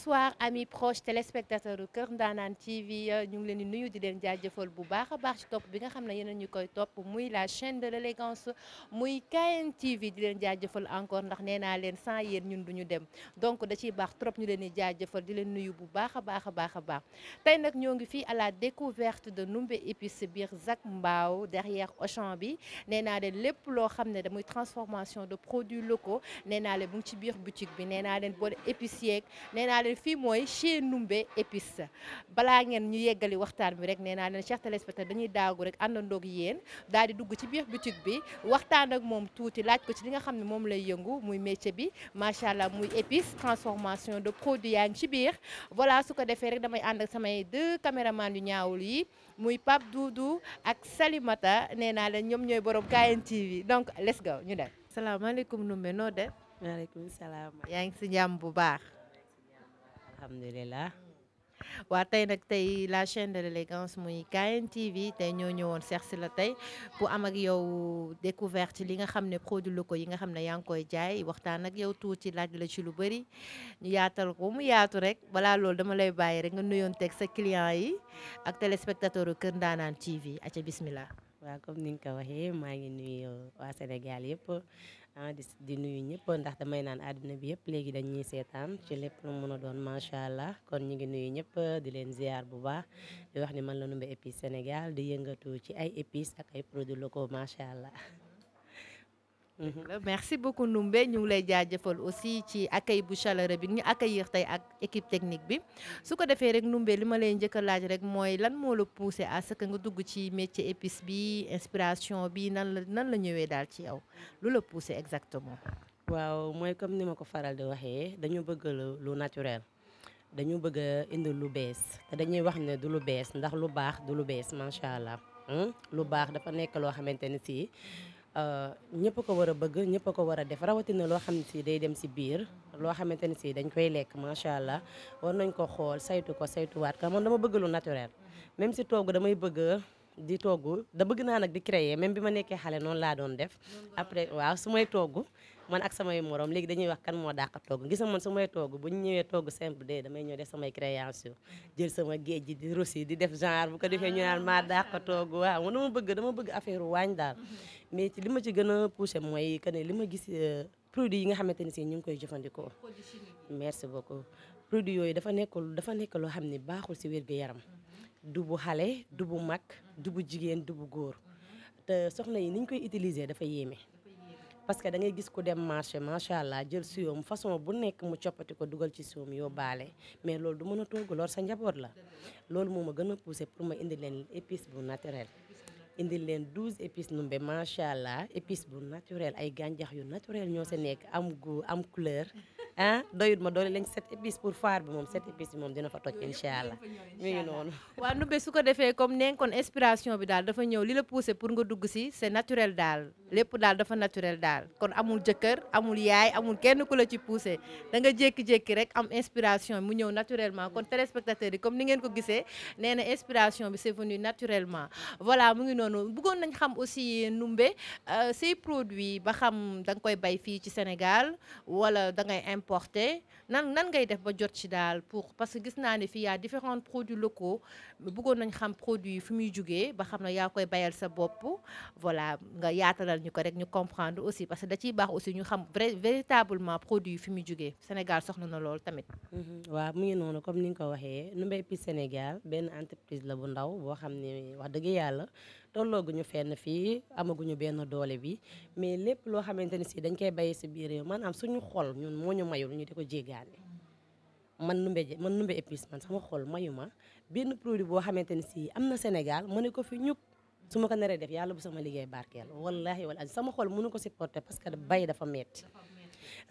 bonsoir amis proches téléspectateurs u Kër Ndaanaan TV ñu ngi leen di nuyu di leen jëfal bu baax a baax ci topp bi nga xam ne yeneen ñu koy topp muy la chaîne de l'élégance muy KN TV di leen jaajëfal encore ndax nee naa leen sans yéen ñun duñu dem donc da ciy baax trop ñu leen di jëfal di leen nuyu bu baax a baax a baax a baax tey nag ñoo ngi fii à la découverte de Numbe Épices biir Zac Mbao derrière Auchan bi nee naa leen lépp loo xam ne damuy transformation de produits locaux nee naa leen mu ci biir boutique bi nee naa leen boole épicier ne fii mooy chez Ndoumbé épices balaa ngeen ñu yeggali waxtaan bi rek nee naa leen chers téléspectateurs dañuy daagu rek àndandoog yéen daal di dugg ci biir boutique bi waxtaan ak moom tuuti laaj ko ci li nga xam ne moom lay yëngu muy métier bi macha allah muy épices transformation de produits yaa ngi ci biir voilà su ko defee rek damay ànd ak samay deux caméramans yu ñaawul yi muy Pape du ak Salimata nee naa leen ñoom ñooy borom KN TV donc let's ñu dem. salaamaaleykum Ndoumbé noo def. maaleykum salaam. yaa ngi si jàmm bu baax. alhamdulilah waa tey nag tey la chaîne de l'élégance muy KN TV tey ñoo ñëwoon seex si la tey bu am ak yow découverte li nga xam ne produits locaux yi nga xam ne yaa ngi koy jaay waxtaan ak yow tuuti laaj la ci lu bëri ñu yaatal ko mu yaatu rek balaa loolu dama lay bàyyi rek nga nuyoon teg sa client yi ak téléspectateur u Kër Ndaanaan TV aca bismillah waaw comme ni nga ko waxee maa ngi nuyu waa Sénégal yëpp ah di di nuyu ñëpp ndax damay naan àdduna bi yëpp léegi dañuy seetaan ci lépp lu mën a doon macha allah kon ñu ngi nuyu ñëpp di leen ziar bu baax di wax ni man la Ndoumbé épices Sénégal di yëngatu ci ay épices ak ay produits locaux macha allah. Mm-hmm. merci beaucoup Ndoumbé ñu ngi lay jaajëfal aussi ci accueil bu chaleureux bi ñu accueillir tey ak équipe technique bi su ko defee rek Ndoumbé li ma lay njëkk a laaj rek mooy lan moo la poussé à ce nga dugg ci métier épice bi inspiration bi nan la nan la ñëwee daal ci yow lu la poussé exactement. waaw mooy comme ni ma ko faral di waxee dañu bëgg lu naturel dañu bëgg indi lu bees te dañuy wax ne du lu bees ndax lu baax du lu bees macha allah hmm? lu baax dafa nekk loo xamante ni Euh, ñëpp ko war a bëgg ñëpp ko war a def rawatina loo xam ne si day dem si biir loo xamante ne sii dañ koy lekk macha allah war nañ ko xool saytu ko saytuwaat ko man dama bëgg lu naturel même si togg damay bëgg di togg da bëgg naa nag di créer même bi ma nekkee xale noonu laa doon def après waaw su may togg man ak samay morom léegi dañuy wax kan moo dàq togg gis nga man su may togg bu ñu ñëwee togg simple de damay ñëw def samay création jël sama géej ji di rosi di def genre bu ko defee ñu maa dàq ah, togg waaw man dama bëgg dama bëgg affaire waañ daal mm-hmm. mais li ma ci gën a poussé mooy que ne li ma gis euh, produit yi nga xamante ne si ñu ngi koy jëfandikoo merci beaucoup produit yooyu dafa nekk dafa nekk loo xam ne baaxul si wér-gu-yaram mm-hmm. du bu xale du bu mag dubu jigéen du bu góor mm-hmm. te soxna yi ni koy utiliser dafa yéeme parce que da ngay gis ku dem marché macha allah jël si siyoom façon bu nekk mu coppati ko dugal ci siyoom yóbbaale mais loolu du mën a lool sa njaboot la loolu moom a gën a poussé pour ma indi leen épice bu naturel indil leen douze épices numbe macha allah épice bu naturel ay gàncax yu naturel ñoo si nekk am goût am couleur ah doyut ma doole lañ sept épices pour faar bi moom sept épices bi moom dina fa toj incha allah mi ngi noonu waaw numbe su ko defee comme nee kon inspiration bi daal dafa ñëw li la poussé pour nga dugg si c'est naturel daal lépp daal dafa naturel daal kon amul jëkkër amul yaay amul kenn ku la ci poussé da nga jékki-jékki rek am inspiration mu ñëw naturellement kon téléspectateurs yi comme ni ngeen ko gisee nee na inspiration bi c'est venu noonu bëggoon nañ xam aussi Ndoumbé euh, say produits ba xam da nga koy bay fii ci Sénégal wala da ngay importer nan nan ngay def ba jot ci daal pour parce que gis naa ne fii y a différents produits bëggoon nañ xam produit yi fi muy jugee ba xam ne yaa koy bayal sa bopp voilà nga yaatalal ñu ko rek ñu comprendre aussi parce que da ciy baax aussi ñu xam vrai véritablement produit yi fi muy jugee Sénégal soxla na loolu tamit. Mm-hmm. waaw mu ngi noonu comme ni nga ko waxee nu mbay pi Sénégal benn entreprise la bu ndaw boo xam ne wax dëgg yàlla tollooguñu fenn fii amaguñu benn doole bi mais lépp loo xamante ni si dañ koy bayee si biir réew maanaam suñu xol ñun moo ñu mayul ñu di ko jéggaane man numbe man numbe épice man sama xol mayu ma benn produit boo xamante ne si am na Sénégal ma ne ko fi ñuk su ma ko neree def yàlla bu sama liggéey barkeel wallahi wala sama xol mënu ko supporter parce que bay dafa metti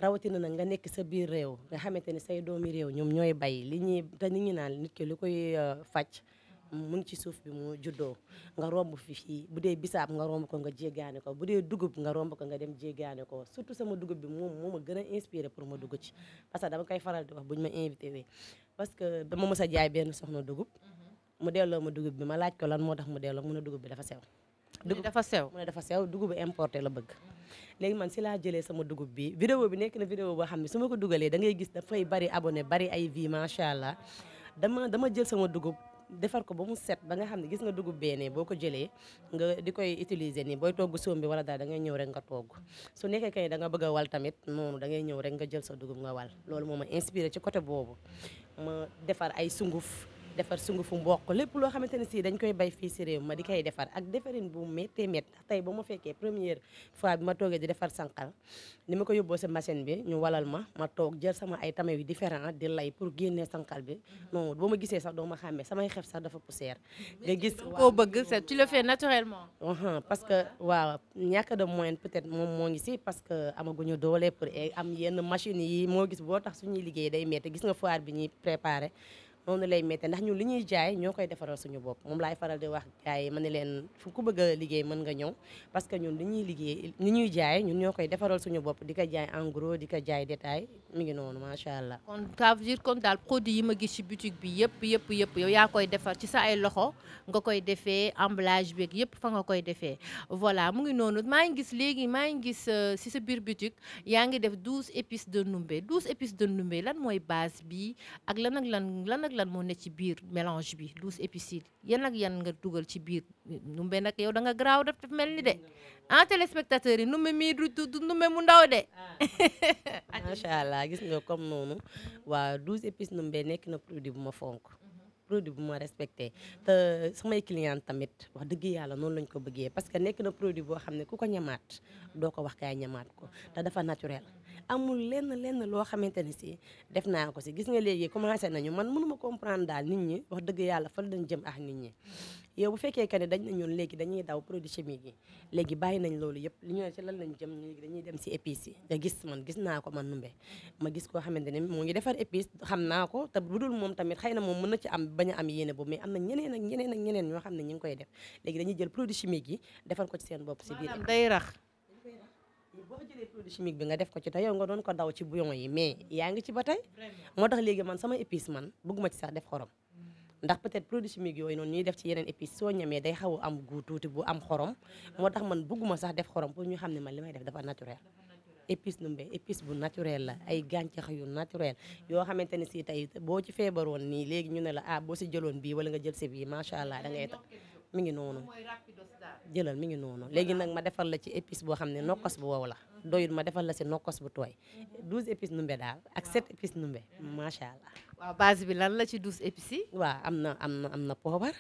rawatina nag nga nekk sa biir réew nga xamante ni say doomi réew ñoom ñooy bay li ñuy te nit ñi naan nit ki li koy euh, faj mu ngi ci suuf bi mu juddoo nga romb fi fii bu dee bisaab nga romb ko nga jéggaane ko bu dee dugub nga romb ko nga dem jéggaane ko surtout sama dugub bi moom moo ma gën a inspiré pour ma dugg ci parce que dama koy faral di wax bu ñu ma invité wee parce que dama mës a jaay benn soxna dugub mhm. mu delloo ma dugub bi ma laaj ko lan moo tax mu delloo mu ne dugub bi dafa sew dugub dafa sew mu dafa sew dugub importé la bëgg léegi man si laa jëlee sama dugub bi vidéo bi nekk na vidéo boo xam ne su ma ko dugalee da ngay gis dafay bari abonné bari ay vie macha allah dama dama jël sama dugub defar ko ba mu set ba nga xam ne gis nga dugub beenee boo ko jëlee nga di koy utiliser nii booy togg soom bi wala daal da ngay ñëw rek nga togg su nekkee kay da nga bëgg a wal tamit noonu da ngay ñëw rek nga jël sa dugub nga wal loolu moo ma inspiré ci côté boobu ma defar ay sunguf defar sungufu mboq lépp loo xamante ne sii dañ koy bay fii si réew ma di koy defar ak defarin bu méttee mét ndax tey ba ma fekkee première fois bi ma toogee di defar sànqal ni ma ko yóbboo sa machine bi ñu walal ma ma toog jël sama ay tame yu différent di lay pour génnee sànqal bi mhm. moom boo ma gisee sax doo ma xàmmee samay xef sax dafa poussière nga gis koo bëgg sa tu le fais naturellement parce que waaw ñàkk de moyen peut-être moom moo ngi si parce que amaguñ doole pour e, am yenn machines yi moo gis boo tax suñuy liggéey day métti gis nga foire bi ñuy préparé noonu lay méttee ndax ñun li ñuy jaay ñoo koy defaral suñu bopp moom laay faral di wax gars yi ma ne leen fu ku bëgg liggéey mën nga ñëw parce que ñun li ñuy liggéey li ñuy jaay ñun ñoo koy defaral suñu bopp di ko jaay engros di ko jaay détail mi ngi noonu macha allah. kon ça daal produit yi ma gis ci boutique bi yëpp yëpp yëpp yow yaa koy defar ci sa ay loxo nga koy defee emblage beeg yëpp fa nga koy defee voilà mu ngi noonu maa ngi gis léegi maa ngi gis si euh, sa biir boutique yaa ngi def douze épices de Ndoumbe douze épices de Ndoumbe lan mooy base bi ak lan ak lan lan ak lan moo ne ci biir mélange bi douze épices yi yan ak yan nga dugal ci biir Ndoumbe nag yow da nga garaaw daf mel ni de. ah téléspectateurs yi numbe mii du du numbe mu ndaw de. Ah. macha allah gis nga comme noonu waa douze épices numbe nekk na produit bu ma fonk. produit bu ma respecté sa samay client tamit wax dëgg yàlla noonu lañ ko bëggee parce que nekk na produit boo xam ne ku ko ñamaat doo ko wax kaay ñamaat ko te dafa naturel. amul lenn lenn loo xamante ni si def naa ko si gis nga léegi commencé nañu man mënuma comprendre daal nit ñi wax dëgg yàlla fan lañ jëm ak nit ñi yow bu fekkee ne dañ na ñoon léegi dañuy daw produit chimique yi léegi bàyyi nañ loolu yëpp li ñu ne ci lan lañ jëm léegi dañuy dem si épices yi gis man gis naa ko man numbe ma gis koo xamante ne moo ngi defar épices xam naa ko te bu dul moom tamit xëy na moom mën na ci am bañ a am yéene boobu mais am na ñeneen ak ñeneen ak ñeneen ñoo xam ne ñu ngi koy def léegi dañuy jël produit chimique yi defar ko ci seen bopp si biir day rax boo jëlee bi nga def ko ci te yow nga doon ko daw ci bouillon yi mais yaa ngi ci ba tey moo tax léegi man sama épice man bëgguma ci sax def xorom ndax peut-être produit chimique yooyu noonu ñuy def ci yeneen épices soo ñamee day xaw am goût tuuti bu am xorom moo tax man bëgguma sax def xorom pour ñu xam ne man li may def dafa naturel épice numbe épice bu naturel la ay gàncax yu naturel yoo xamante ne si tey boo ci feebaroon nii léegi ñu ne la ah boo si jëloon bii wala nga jël si bii macha allah da ngay mi ngi noonu jëlal mi ngi noonu léegi nag ma defal la ci épice boo xam ne nokkos bu wow la doyul ma defal la si nokkos bu tooy 12 épices numbe daal ak 7 épices numbe macha allah. waaw base bi lan la ci 12 épices waa am na am na am na poobar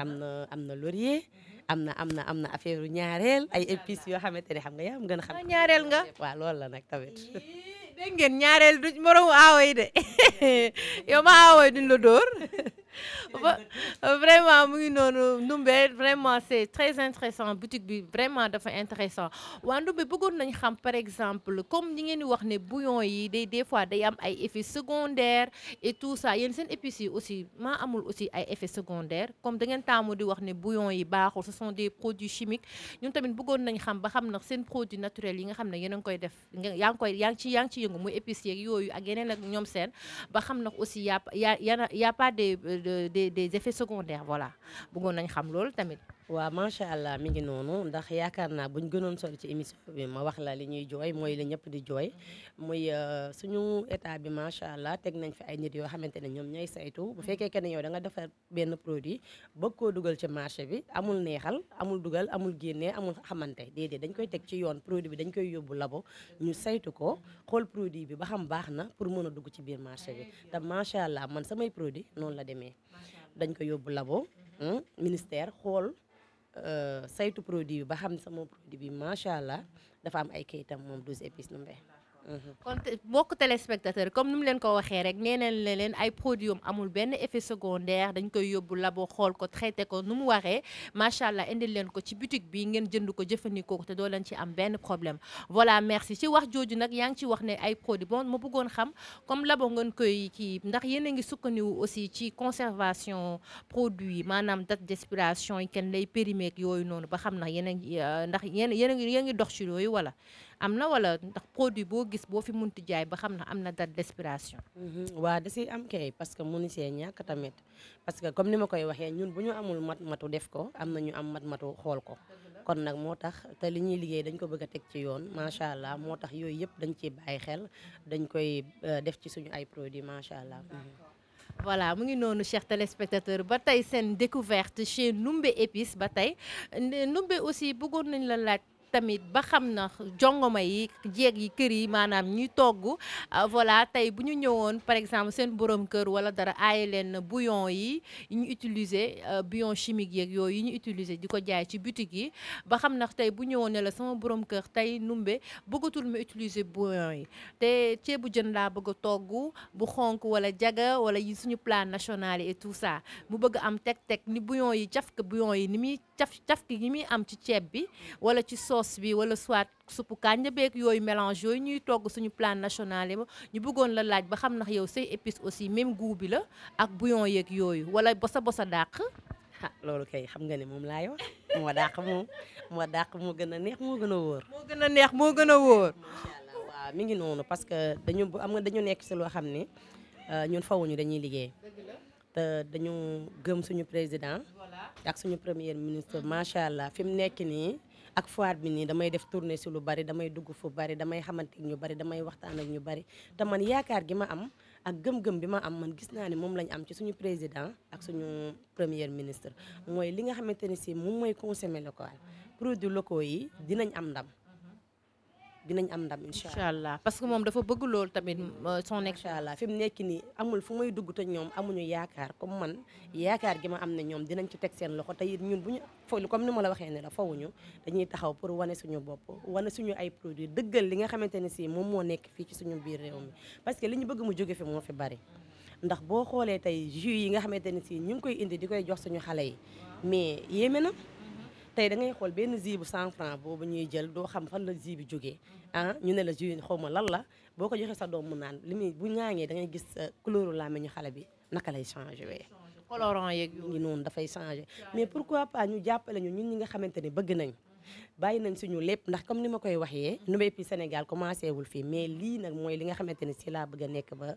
am na am na laurier am na am na am na affaire ñaareel ay épices yoo xamante ne xam nga yaa am gën a xam. Ah, ñaareel nga waa loolu la nag tamit. dégg ngeen ñaareel du moromu aawo yi de yow ma aawo yi duñ vraiment mu ngi noonu Ndoumbé vraiment c'est très intéressant boutique bi vraiment dafa intéressant waa Ndoumbé bëggoon nañ xam par exemple comme ñi ngeen di wax ne bouillon yi day des fois day am ay effets secondaires et tout ça yéen seen épices yi aussi maa amul aussi ay effets secondaires comme da ngeen taamu di wax ne bouillon yi baaxul ce sont des produits chimiques ñun tamit bëggoon nañ xam ba xam nag seen produit naturel yi nga xam ne yéen a ngi koy def yaa ngi koy yaa ngi ci yaa ngi ci yëngu muy épices yeeg ak ñoom seen ba a des des effets secondaires voilà bëggoon nañ xam loolu tamit. waa macha allah mi ngi noonu ndax yaakaar naa bu ñu gënoon sori ci émission bi ma wax la li ñuy jooy mooy la ñëpp di jooy muy euh, suñu état bi macha allah teg nañ fi ay nit yoo xamante ne ñoom ñooy saytu bu fekkee que ne yow da defar benn produit bëgg ko dugal ci marché bi amul neexal amul dugal amul génnee amul xamante déedéet dañ koy teg ci yoon produit bi dañ koy yóbbu labo ñu saytu ko xool produit bi ba xam baax na pour mën a dugg ci biir marché bi te macha allah man samay produit noonu la demee dañ ko yóbbu labo hmm, saytu produit bi ba xam sama produit bi macha allah dafa am ay kayitam moom douze épices Ndoumbé Uh-huh. kon mbokk téléspectateur comme ni mu leen ko waxee rek nee leen ay produits amul benn effet secondaire dañ koy yóbbu labo xool ko traité ko nu mu waree macha allah indil leen ko ci boutique bi ngeen jënd ko jëfandikoo te doo leen ci am benn problème voilà merci ci wax jooju nag yaa ngi ci wax ne ay produits bon ma bëggoon xam comme labo ngeen koy kii ndax yéen a ngi sukkandiwu aussi ci conservation produit yi maanaam date d'expiration yi kenn lay périmé yooyu noonu ba xam ndax yéen a ngi euh, ndax yéen yéen a ngi dox ci wala am na wala ndax produit boo gis boo fi munti jaay ba xam na am na date d'expiration. Mhm, waa da siy am kay parce que mënu see ñàkk tamit parce que comme ni ma koy waxee ñun bu ñu amul mat-matu def ko am na ñu am mat-matu xool ko. kon nag moo tax te li ñuy liggéey dañ ko bëgg a teg ci yoon macha allah moo tax yooyu yëpp dañ ciy bàyyi xel dañ koy euh, def ci suñu ay produits macha allah. voilà mu ngi noonu chers téléspectateurs ba tey seen découverte chez Numbe épices ba tey Numbe aussi bëggoon nañ la laaj. tamit ba xam na jongoma yi jeeg yi kër yi maanaam ñuy togg euh, voilà tey bu ñu ñëwoon par exemple seen borom kër wala dara aaye leen bouillon yi ñu utiliser euh, bouillon chimique yeeg yooyu yi ñu utiliser di ko jaay ci boutique yi ba xam na tey bu ñëwoon ne la sama borom kër tey numbe bëggatul ma utiliser bouillon yi te ceebu jën laa bëgg a togg bu xonk wala jaga wala yi suñu plan national yi et tout ça mu bëgg am teg-teg ni bouillon yi caf ka bouillon yi ni muy caf caf ki ni muy am ci ceeb bi soos bi wala soit suppu kànja beeg yooyu mélange yooyu ñuy togg suñu plan national yi ñu bëggoon la laaj ba xam ndax yow say épices aussi même goût bi la ak bouillon yeeg yooyu wala bosa bosa dàq. ah loolu kay xam nga ne moom laay wax moo dàq moom moo dàq moo gën a neex moo gën a wóor. moo gën a neex moo gën a wóor. macha mi ngi noonu parce que dañu am nga dañu nekk si loo xam ni euh, ñun fawuñu dañuy liggéey. te dañu gëm suñu président. ak suñu premier ministre macha allah fi nekk nii. ak foire bi nii damay def tournée si lu bari damay dugg fu bari damay xamante ñu bari damay waxtaan ak ñu bari te man yaakaar gi ma am ak gëm-gëm bi ma am man gis naa ni moom lañ am ci suñu président ak suñu premier ministre mooy li nga xamante ne si moom mooy consommer local produits locaux yi dinañ am ndam dinañ am ndam incha allah parce que moom dafa bëgg loolu tamit euh, son incha allah fi mu nekk nii amul fu muy dugg te ñoom amuñu yaakaar comme man yaakaar gi ma am ne ñoom dinañ ci teg seen loxo te ñun bu ñu foolu comme ni ma la waxee ne la ñu dañuy taxaw pour wane suñu bopp wane suñu ay produit dëggal li nga xamante ne sii moom moo nekk fii ci suñu biir réew mi parce que li ñu bëgg mu jóge fi moo fi bari ndax boo xoolee tey jus yi nga xamante ne si ñu ngi koy indi di koy jox suñu xale yi mais yéeme na tey da ngay xool benn jus bu 100 francs boobu ñu jël doo xam fan la jus bi jógee ah ñu ne la jus xaw ma lan la boo ko joxee sa doom mu naan li muy bu ñaangee da ngay gis euh, couleur làmmiñu xale bi naka lay changé wee colorant yeeg ngi noonu dafay changé mais pourquoi pas ñu jàppale ñu ñun ñi nga xamante ne bëgg nañ bàyyi nañ ñu lépp ndax comme ni ma koy waxee Nouvelle Vie Sénégal commencé wul fii mais lii nag mooy li nga xamante ne si laa bëgg nekk ba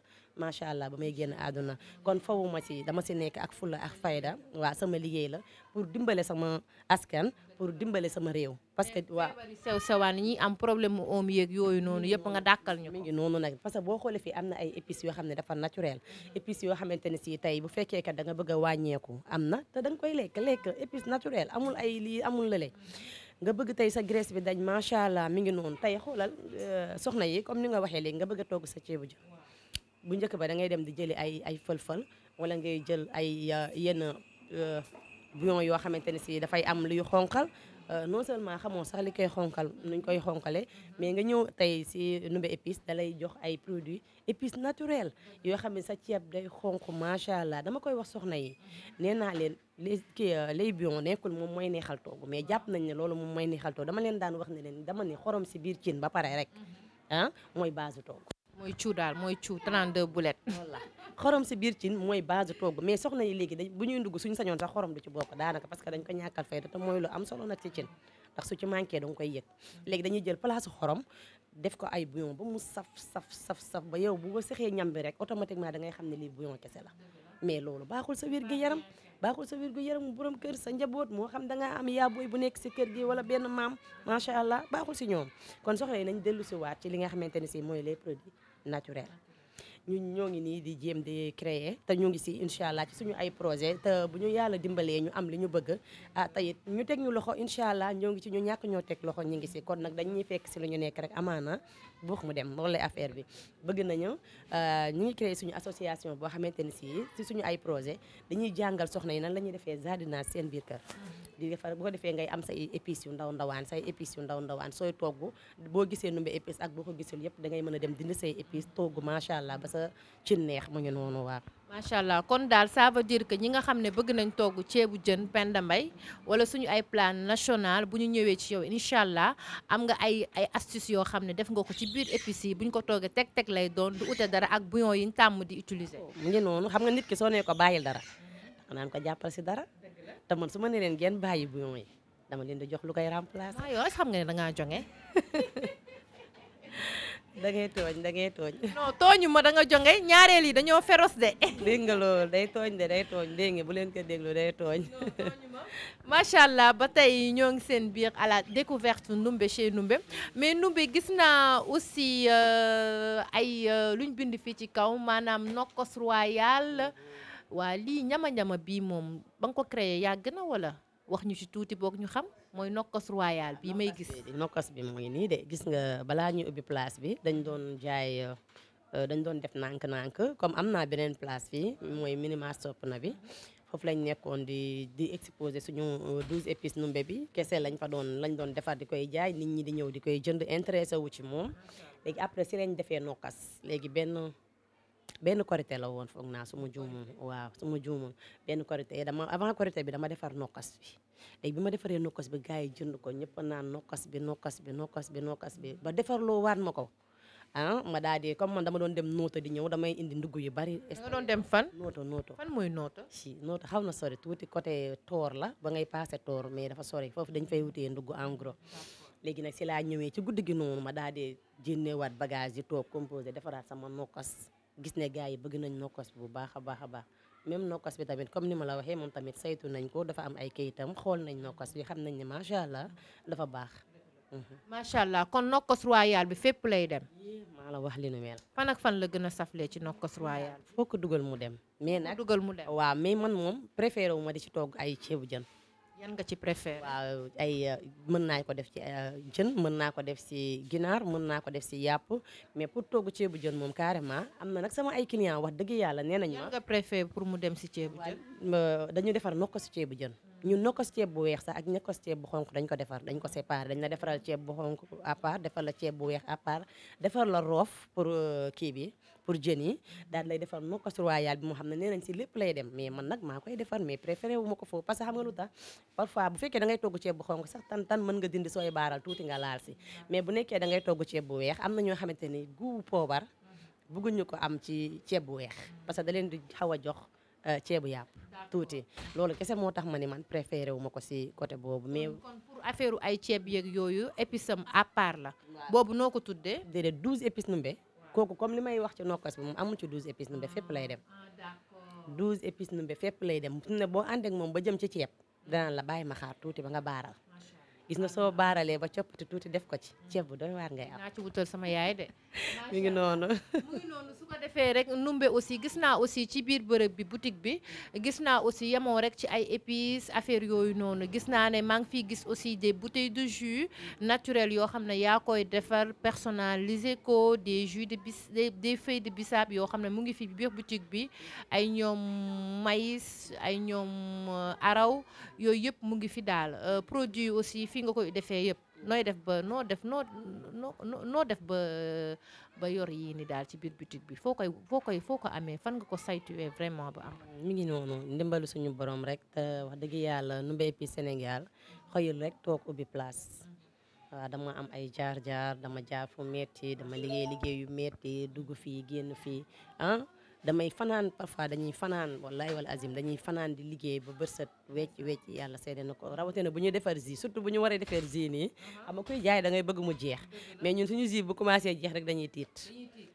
macha allah ba may génn àdduna kon fawu dama si nekk ak fulla ak fayda waa sama liggéey la pour dimbale sama askan pour dimbale sama réew parce que waaw sew sewaan ñi am problème mu yooyu noonu yëpp nga dàkkal ñu mi noonu nag parce que boo xoolee fii na ay épices yoo xam ne dafa naturel épices yoo xamante ne si tey bu fekkee kat da bëgg wàññeeku am na te da koy lekk lekk épice naturel amul ay lii amul lële nga bëgg tey sa graisse bi dañ macha allah mi ngi noonu tey xoolal euh, soxna yi comme ni nga waxee léegi nga bëgg a togg sa ceebu jën bu njëkk ba da ngay dem di jëli ay ay fël-fël wala ngay jël ay euh, yenn euh, bouillon yoo xamante ne si dafay am luy xonqal Euh, non seulement xamoo sax li koy xonkal nuñ koy xonkale mais nga ñëw tey si Ndoumbe épice dalay jox ay produits épices naturels yoo xam ne sa ceeb day xonk macha allah dama koy wax soxna yi nee naa leen les kii euh, les bion nekkul moom moy neexal toogu mais jàpp nañ ne loolu moom mooy neexal toogu dama leen daan wax ne leen dama ne xorom si biir ciin ba pare rek ah mooy base toogu mooy cu daal mooy cu 32 boulettes. voilà xorom si biir cin mooy base togg mais soxna yi léegi dañ bu ñuy ndugg suñu sañoon sax xorom du ci bokk daanaka parce que dañ ko ñàkkal fayda te mooy lu am solo nag ci cin ndax su ci manqué da nga koy yëg léegi dañuy jël place xorom def ko ay bouillon ba mu saf saf saf saf ba yow bu ko sexee ñam bi rek automatiquement da ngay xam ne lii bouillon kese la mais loolu baaxul sa wér gu yaram baaxul sa wér gu yaram borom kër sa njaboot moo xam da ngaa am yaabooy bu nekk si kër gi wala benn maam macha allah baaxul si ñoom kon soxla yi nañ dellu si waat ci li nga xamante ne si mooy les produits naturel. ñu ñoo ngi nii di jéem di créer te ñu ngi si incha allah ci suñu ay projet te bu ñu yàlla dimbalee ñu am li ñu bëgg ah tayit ñu teg ñu loxo incha allah ñoo ngi ci ñu ñàkk ñoo teg loxo ñu ngi si kon nag dañuy fekk si lu ñu nekk rek amaana buux mu dem loolu lay bi bëgg nañu ah, ñu ngi créer suñu association boo xamante ni si suñu ay projet dañuy jàngal soxna yi nan la ñuy defee jardinage seen biir kër di defar bu ko defee ngay am sa épices yu ndaw ndawaan say épices yu ndaw ndawaan sooy togg boo gisee numbe épices ak boo ko gisul yëpp da ngay mën a dem dindi say épices togg macha allah sa ci neex mu ngi noonu waaw. macha allah kon daal ça veut dire que ñi nga xam ne bëgg nañ togg ceebu jën Penda Mbaye wala suñu ay plan national bu ñu ñëwee ci yow incha allah am nga ay ay astuces yoo xam ne def nga ko ci biir épices yi bu ñu ko toogee teg teg lay doon du ute dara ak bouillon yi ñu tàmm di utiliser. Oh, mu ngi noonu xam nga nit ki soo nee ko bàyyil dara naan jàppal si dara te man su ma nee leen bàyyi bouillon yi dama leen di jox lu koy remplacer. waaw yow xam nga ne da ngaa da ngay tooñ da ngay tooñ. non ma da nga jonge ñaareel yi dañoo feros de. dégg nga day tooñ de day tooñ dégg bu leen ko déglu day tooñ. macha allah ba tey ñoo ngi seen biir à la découverte Ndoumbé chez Ndoumbé mais Ndoumbé gis naa aussi euh, ay euh, lu ñu bind fii ci kaw maanaam nokkos royal waa lii ñama-ñama bii moom ba nga ko créer yàgg na wala wax ñu ci tuuti boog ñu xam. mooy nokkas royal bi may gis. nokkas bi mu nii de gis nga balaa ñuy ubbi place bi dañ doon jaay euh, dañ doon def nànk-nànk comme am naa beneen place fii mooy minima sopp na bi foofu lañ nekkoon di di exposé suñu 12 euh, épices numbe bi kese lañ fa doon lañ doon defar di koy jaay nit ñi di ñëw di koy jënd intéressé wu ci moom léegi après si lañ defee nokkas léegi benn. benn korité la woon foog naa su ma juumoon waaw su ma juumoon benn korité dama avant korité bi dama defar nokkas bi léegi bi ma defaree nokkas bi gars yi jënd ko ñëpp naan nokkas bi nokkas bi nokkas bi nokkas bi ba defarloo waat ma ko ah ma daa di comme man dama doon dem nooto di ñëw damay indi ndugg yu bari. nga dem fan. nooto nooto fan mooy nooto. si nooto xaw na sori tuuti côté toor la ba ngay passé toor mais dafa sori foofu dañ fay wutee ndugg en gros. léegi nag si laa ñëwee ci guddi gi noonu ma daa jinne waat bagage yi toog composé defaraat sama nokkas gis ne gars yi bëgg nañ nokkos bu baax a baax a baax même nokkos bi tamit comme ni ma la waxee moom tamit saytu nañ ko dafa am ay kayitam xool nañ nokkos bi xam nañ ne macha allah dafa baax. Mhm. macha allah kon nokkos royal bi fépp lay dem. maa la wax li nu mel. fan ak fan la gën a saflee ci nokkos royal. foo ko dugal mu dem. mais nag dugal mu dem waa mais man moom préféré wu di ci togg ay ceebu jën. yan nga ci préféré. waaw ay euh, mën naa ko def ci euh, jën mën naa ko def si ginaar mën naa ko def si yàpp mais pour togg ceebu jën moom carrément am na nag sama ay client wax dëgg yàlla nee nañu ma. yan pour mu dem si ceebu jën. dañu defar nokk si ceebu jën. ñun nokos ceeb bu weex sax ak ñakos ceeb bu xonq dañ ko defar dañ ko séparé dañ la defaral ceeb bu xonq à part defal la ceeb weex à defar la roof pour euh, kii bi pour jën yi daal lay defar nokos royal bi moo xam ne nee nañ si lépp lay dem mais man nag maa koy defar mais préféré wu ma ko foofu parce que xam nga lu tax parfois bu fekkee dangay ngay togg ceeb bu xonq sax tan tan mën nga dindi sooy baaral tuuti nga laal si mais bu nekkee dangay ngay togg ceeb bu weex am na ñoo xamante ni guu poobar mm-hmm. bëgguñu ko am ci ceeb bu weex parce que da leen di xaw a jox Euh, ceebu yàpp tuuti loolu kese moo tax ma ni man préféré wu ma ko si côté boobu mais. kon pour affaire ay ceeb yeeg yooyu épices am à part la. boobu noo ko tuddee. déedéet douze épices numbe. kooku comme li may wax ci nokkas bi moom amu ci douze épices numbe fépp lay dem. Ah, ah, douze épices numbe fépp lay dem su ne boo ànd moom ba jëm ci ceeb. danaan la bàyyi ma xaar tuuti ba nga baaral. gis nga soo baaralee ba coppati tuuti def ko ci ceeb bu doy waar ngay am naa ci wutal sama yaay de mi ngi noonu mu ngi noonu su ko defee rek numbe aussi gis naa aussi ci biir bërëb bi boutique bi gis naa aussi yemoo rek ci ay épices affaire yooyu noonu gis naa ne maa ngi fii gis aussi des bouteilles de jus naturel yoo xam ne yaa koy defar personnalisé ko des jus de bis des feuilles de bisaab yoo xam ne mu ngi fi biir boutique bi ay ñoom maïs ay ñoom euh, araw yooyu yëpp mu ngi fi daal euh, produit fii nga koy defee yëpp nooy def ba noo def noo noo def ba ba yor yii ni daal ci biir boutique bi foo koy foo koy foo ko amee fan nga ko saytuwee vraiment ba am. mi ngi noonu ndimbalu suñu borom rek te wax dëgg yàlla Ndoumbe Épices Sénégal xëyul rek toog ubbi place. waaw dama am ay jaar-jaar dama jaar fu dama liggéey liggéey yu metti dugg fii génn fii ah. damay fanaan parfois dañuy fanaan wallahi wala azim dañuy fanaan di liggéey ba bërsët wecc wecc yàlla seede na ko rawatina bu ñuy defar ji surtout bu ñu waree defar ji nii uh-huh. xam nga jaay da bëgg mu jeex mais ñun suñu ji bu commencé jeex rek dañuy tiit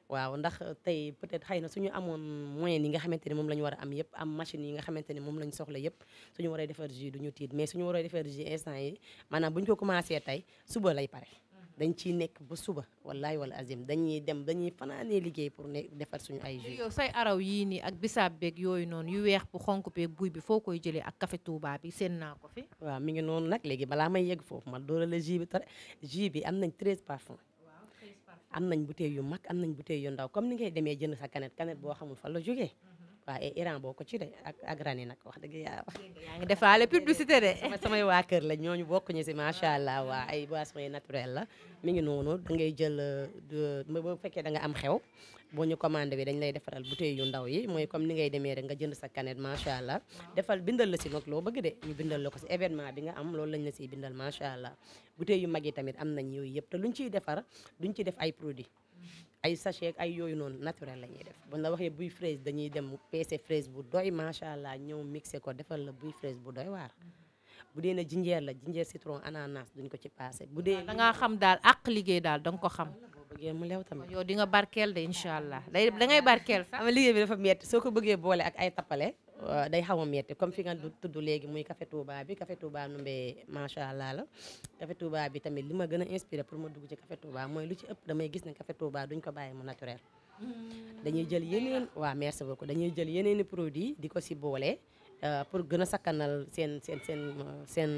waaw ndax tey peut-être xëy na suñu amoon moyen yi nga xamante ne moom la ñu war am yëpp am machine yi xamante ne moom la ñu yëpp suñu waree defar ji du ñu tiit mais suñu waree defar ji instant yi maanaam bu ñu ko commencé tey suba lay pare dañ ciy nekk ba suba wallahi wala azim dañuy dem dañuy fanaanee liggéey pour ne defar suñu ay jus yow say araw yii nii ak bisaab beeg yooyu noonu yu weex bu xonk beeg buy bi foo koy jëlee ak café Touba bi seen naa ko fi waaw mi ngi noonu nag léegi balaa may yegg foofu ma doole la jus bi tare jus bi am nañ treize parfum am nañ bouteille yu mag am nañ bouteille yu ndaw comme ni ngay demee jënd sa canette canette boo xamul fa la jógee mm. waaw et Iran boo ko ci de ak ak Rani nag wax dëgg yàlla. yaa ngi defaale publicité de. samay waa kër la ñooñu bokk ñu si macha allah waa ay boissons yi naturel la mu ngi noonu da ngay jël euh, bu fekkee da nga am xew. boo ñu commandé bi dañ lay defaral bouteille yu ndaw yi mooy comme ni ngay demee rek nga jënd sa canette macha allah defal bindal la si nag loo bëgg de ñu bindal la ko si événement bi nga am loolu lañ la siy bindal macha allah bouteille yu mag yi tamit am nañ yooyu yëpp te luñ ciy defar duñ ci def ay produits. ay sachet ay yooyu noonu naturel la ñuy def buñ la waxee buy fraise dañuy dem peese fraise bu doy macha ñëw mixé ko defal la buy fraise bu doy waar. bu dee na jinjeer la jinjeer citron ananas duñ ko ci passé bu dee da ngaa xam daal ak liggéey daal da nga ko xam. boo bëggee mu lew tamit yow di nga barkeel de incha allah day da ngay barkeel sax. ama liggéey bi dafa métti soo ko bëggee boole ak ay tappale Euh, day xaw a metti comme fi nga tuddu léegi muy café Touba bi café Touba Ndoumbé macha allah la café Touba bi tamit li ma gën a inspiré pour ma dugg ci café Touba mooy lu ci ëpp damay gis ne café Touba duñ ko bàyyi mu naturel hmm. dañuy jël yeneen waaw merci beaucoup dañuy jël yeneeni produit di ko si boole euh, pour gën a sakkanal seen seen seen seen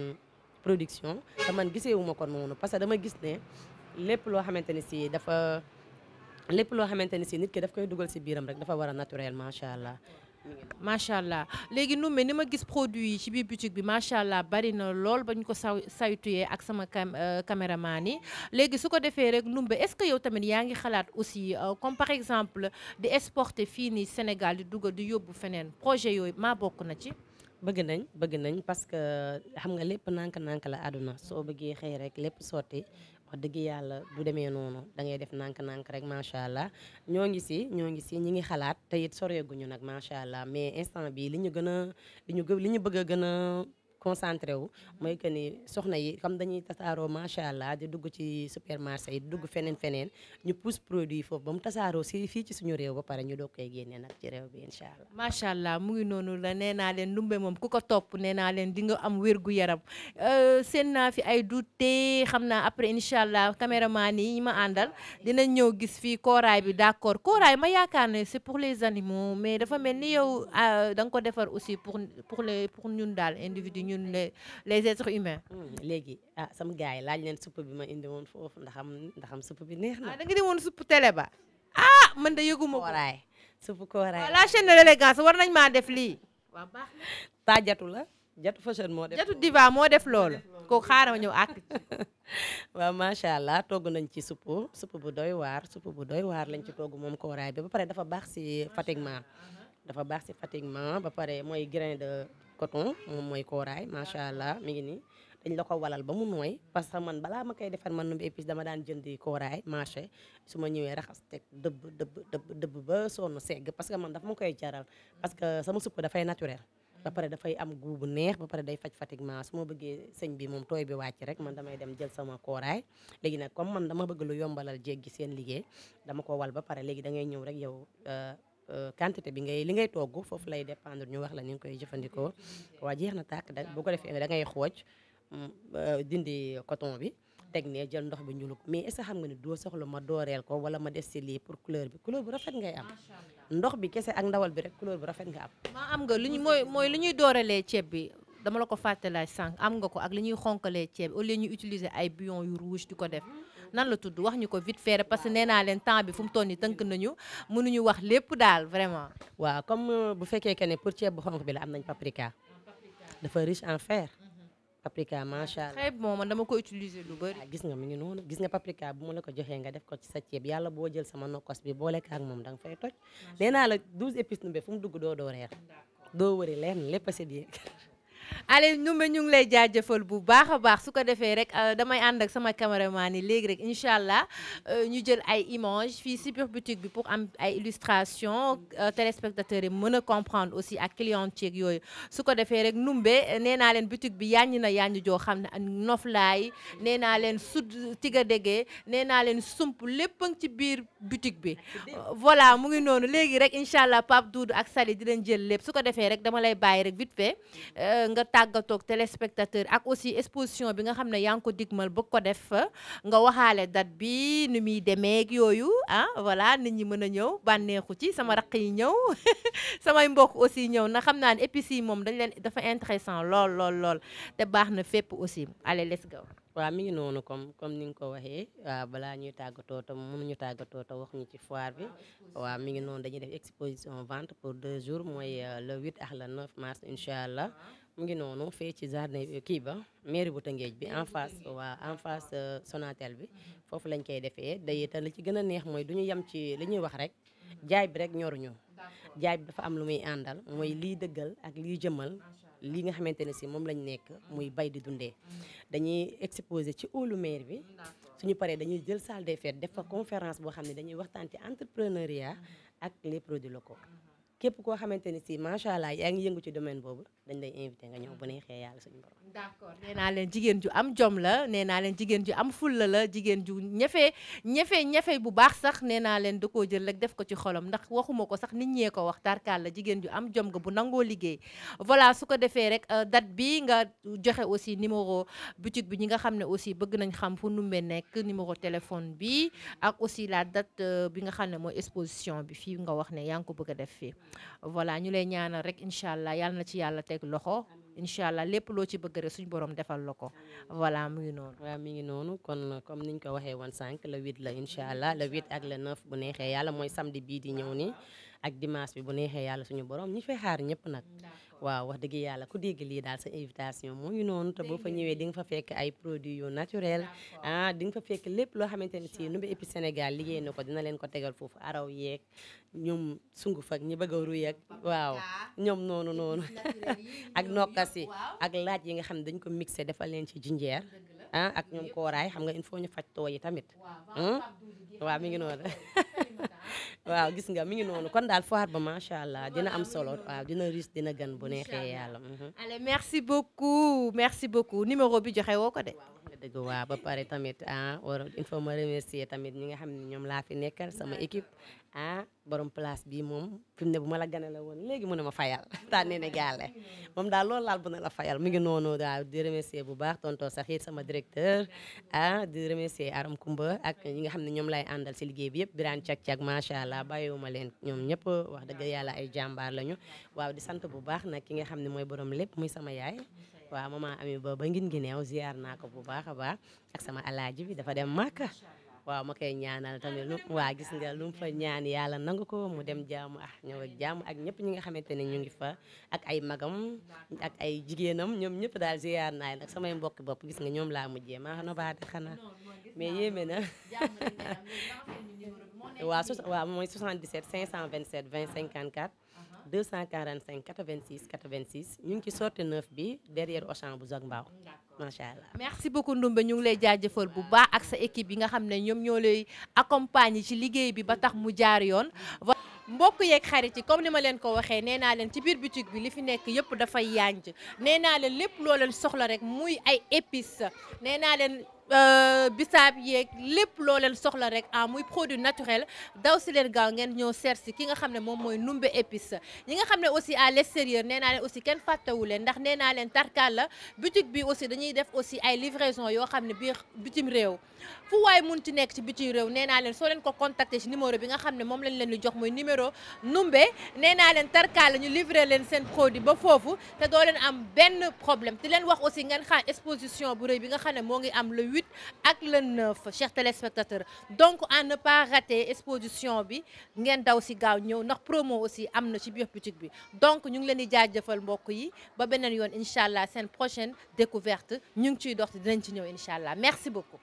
production man giseewu ma ko noonu parce que dama gis ne lépp loo xamante ni sii dafa lépp loo xamante ni si nit ki daf koy dugal si biiram rek dafa war a naturel macha allah macha allah léegi Ndoumbé ni ma gis produit yi ci biir boutique bi macha allah bari na lool ba ñu ko sa saytuyee ak sama cam euh, caméraman ni léegi su ko defee rek Ndoumbé est-ce que yow tamit yaa ngi xalaat aussi euh, comme par exemple di exporter fii nii Sénégal di dugal di yóbbu feneen projet yooyu ma bokk na ci. bëgg nañ bëgg nañ parce que xam nga lépp nank nank la àdduna soo bëggee xëy rek lépp sotti wax dëgg yàlla du demee noonu da ngay def nànk-nànk rek macha allah ñoo ngi si ñoo ngi si ñi ngi xalaat te it soreeguñu nag macha allah mais instant bi li ñu gën a li ñu li ñu bëgg a concentré wu mm-hmm. mooy que ni soxna yi comme dañuy tasaaroo macha allah di dugg ci supermarché yi di dugg feneen feneen ñu pousse produit foofu ba mu tasaaroo si fii ci suñu réew ba pare ñu doog koy génne nag ci réew bi incha allah. macha allah mu ngi noonu la nee naa leen ndumbe moom ku ko topp nee leen di am wér gu yaram euh, seen naa fi ay duute xam naa après incha allah caméraman yi ma àndal dinañ ñëw gis fii kooraay bi d' kooraay ma yaakaar ne c' ñun les les êtres humains. Hmm, léegi ah sama gars yi laaj leen supp bi ma indi woon foofu ndax am am supp bi neex na. ah da di woon supp télé ba. ah man de yëgu ma ko. kooraay supp kooraay. la chaîne de war nañ maa def lii. waaw baax la. jatu fashion moo def jatu moo def loolu. kooku xaaral ma ñëw allah togg nañ ci supp supp bu doy waar supp bu doy waar lañ ci togg moom kooraay bi ba pare dafa baax si fatiguement. dafa baax si fatiguement ba pare mooy grain coton moom mooy kooraay macha allah mu ngi nii dañ la ko walal ba mu nooy parce que man balaa ma koy defar man Ndoumbe Épices dama daan jëndi kooraay marché su ma ñëwee raxas teg dëbb dëbb dëbb dëbb ba sonn segg parce que man dafa ma koy jaral parce que sama supp dafay naturel ba pare dafay am goût bu neex ba pare day faj fatigue su ma bëggee sëñ bi moom tooy bi wàcc rek man damay dem jël sama kooraay léegi nag comme man dama bëgg lu yombalal jéggi seen liggéey dama ko wal ba pare léegi da ngay ñëw rek yow euh, Euh, quantité bi ngay li ngay togg foofu lay dépendre ñu wax la ni nga koy jëfandikoo waa jeex na tàkk da bu ko defee da ngay xooj mm, euh, dindi coton bi teg ne jël ndox bi ñu lu est-ce que xam nga ni doo soxla ma dooreel ko wala ma des ci lii pour couleur bi couleur bu rafet ngay am ndox bi kese ak ndawal bi rek couleur bu rafet nga am maa am nga li ñu mooy mooy lu ñuy dooreelee ceeb bi dama la ko fàttalaay sànq am nga ko ak li ñuy xonkalee ceeb au lieu ñu utiliser ay bouillon yu rouge di ko def nan la tudd wax ñu ko vite fait parce que nee naa leen temps bi fu mu toll nii tënk nañu mënuñu wax lépp daal vraiment. waaw comme euh, bu fekkee ne pour ceeb bu xonk bi la am nañ paprika. dafa riche en fer. Mhm. paprika macha allah xeeb moom man dama ko utiliser lu bëri. Ah, gis nga mi ngi noonu gis nga paprika bu ma la ko joxee nga def ko ci sa ceeb yàlla boo jël sama nokkos bi boole ko ak danga fay toj. nee naa la douze épices be fu mu dugg doo doo reer. doo wëri leen lépp a Aliou Ndoumbé ñu ngi lay jaajëfal bu baax a baax su ko defee rek euh, damay ànd ak sama caméraman yi léegi rek incha allah ñu euh, jël ay images fii si biir bi pour am ay illustration euh, téléspectateurs yi mën a comprendre aussi ak client yeeg yooyu su ko defee rek Ndoumbé nee naa leen boutique bi yàññi na yàññi joo xam ne noflaay nee naa leen sud tiga dégee nee naa leen sump lépp ci biir boutique bi voilà mu ngi noonu léegi rek incha allah Pape Doudou ak Sali di leen jël lépp su ko defee rek dama lay bàyyi rek vite fait nga tàggatoog téléspectateur ak aussi exposition bi nga xam ne yaa ngi ko digmal ba ko def nga waxaale date bi nu muy demeeg yooyu ah voilà nit ñi mën a ñëw bànneexu ci sama raq yi ñëw samay mbokk aussi ñëw na xam naa ne épices moom dañu leen dafa intéressant lool lool lool te baax na fépp aussi ale let's go waa mi ngi noonu comme comme ni nga ko waxee waaw balaa ñuy tàggatoo te mënuñu tàggatoo te waxuñu ci foire bi waa mi ngi noonu dañuy def exposition vente pour deux jour mooy euh, le 8 ak le 9 mars incha allah mu ngi noonu fee ci jardin kii ba mairie bu Tëngéej bi en face waa en face euh, Sonatel bi foofu lañ koy defee day te li ci gën a neex mooy du ñu yem ci li ñuy wax rek jaay bi rek ñoruñu jaay bi dafa am lu muy àndal mooy lii dëggal ak liy jëmal lii nga xamante ne si moom lañ nekk muy bay di dundee dañuy exposé ci óolu maire bi suñu paree dañuy jël salle des def fa conférence boo xam ne dañuy waxtaan ci entrepreneuriat ak les produits locaux képp koo xamante ni si macha allah yaa ngi yëngu ci domaine boobu dañ lay invité nga ñëw bu neexee yàlla suñu borom. d'accord nee naa leen jigéen ju am jom la nee naa leen jigéen ju am fulla la jigéen ju ñefe ñefe ñefe bu baax sax nee naa leen da koo jël rek def ko ci xolam ndax waxuma ko sax nit ñee ko wax tarkaal la jigéen ju am jom nga bu nangoo liggéey voilà su ko defee rek euh, date bi nga joxe aussi numéro boutique bi ñi nga xam ne aussi bëgg nañ xam fu numbe nekk numéro téléphone bi ak aussi la date euh, bi nga xam ne mooy exposition bi fii nga wax ne yaa ngi ko bëgg def fii voilà ñu lay ñaanal rek incha allah yàlla na ci yàlla teg loxo incha allah lépp loo ci bëgg rek suñu borom defal la ko voilà mu ngi noonu. mi ngi noonu kon comme niñ ko waxee woon cinq le 8 la incha allah le 8 ak le 9 bu neexee yàlla mooy samedi bii di ñëw nii ak dimanche bi bu neexee yàlla suñu borom ñi fay xaar ñëpp nag. waaw wax dëgg yàlla ku dégg lii daal sa invitation moo noonu te boo fa ñëwee di nga fa fekk ay produits yu naturel ah di nga fa fekk lépp loo xamante ne si Ndoumbe Épices Sénégal liggéey na ko dina leen ko tegal foofu araw yeeg ñoom sunguf ak ñi bëgg a ruy ak waaw ñoom noonu noonu ak nokkas ak laaj yi nga xam ne dañ ko mixé defal leen ci jinjeer ah ak ñoom kooraay xam nga il faut ñu faj tooy yi tamit waa hmm? mi ngi noonu waaw gis nga mi ngi noonu kon daal foire ba macha allah dina am solo waaw dina riis dina gan bu neexee yàlla. Mhm. allez merci beaucoup merci beaucoup numéro bi joxe woo ko de. dëgg waa ba pare tamit ah war a faut ma remercier tamit ñi nga xam ne ñoom laa fi nekkal sama équipe ah borom place bi moom fi mu ne bu ma la gane la woon léegi mu ne ma fayal tànnee ne gaale moom daal loolu laal bu ne la fayal mu ngi noonu daal di remercier bu baax tonto Saxir sama directeur ah di remercier Aram Kumba ak ñi nga xam ne ñoom lay àndal si liggéey bi yëpp biraan cag-cag macha allah bàyyiwuma leen ñoom ñëpp wax dëgg yàlla ay jàmbaar lañu waaw di sant bu baax nag ki nga xam ne mooy borom lépp muy sama yaay waaw maman ami ba ba ngin gineew ziar naa ko bu baax a baax ak sama alaaji bi dafa dem màkka waaw ma koy ñaanal tamit lu waa gis nga lu fa ñaan yàlla nanga ko mu dem jaamu ah ñëw ak jaamu ak ñëpp ñi nga xamante ne ñu ngi fa ak ay magam ak ay jigéenam ñoom ñëpp daal ziar naa nag samay mbokk bopp gis nga ñoom laa mujjee maa xana baate xanaa mais yéeme na waaw waaw mooy 77 527 20 54 245 ci sortie 9 bi derrière Auchan bu Zac Mbao macha allah. merci beaucoup Ndoumbe ñu ngi lay jaajëfal bu baax ak sa équipe yi nga xam ne ñoom ñoo lay accompagner ci liggéey bi ba tax mu jaar yoon. mbokk yeeg xarit yi comme ni ma leen ko waxee nee naa leen ci biir boutique bi li fi nekk yëpp dafay yanj nee naa leen lépp loo leen soxla rek muy ay épices nee leen. Euh, bisaab yeeg lépp loo leen soxla rek ah muy produit naturel daw si leen gaaw ngeen ñëw seet si ki nga xam ne moom mooy numbe épice ñi nga xam ne aussi à l'extérieur nee naa leen aussi kenn fàttewu leen ndax nee leen tarkaal la boutique bi aussi dañuy def ay livraison yoo xam ne biir bitim réew fu waay mun ci nekk ci bitim réew nee naa leen soo leen ko contacter ci numéro bi nga xam ne moom lañ leen di jox mooy numéro numbe nee naa leen tarkaal la ñu livrer leen seen produit ba foofu te doo leen am benn problème te leen wax aussi ngeen xaar exposition 8 ak le 9 chers téléspectateurs donc à ne pas rater exposition bi ngeen daw si gaaw ñëw ndax promo aussi am na ci biir boutique bi donc ñu ngi leen di jëfal mbokk yi ba beneen yoon incha allah seen prochaine découverte ñu ngi ciy dox dinañ ci ñëw incha allah merci beaucoup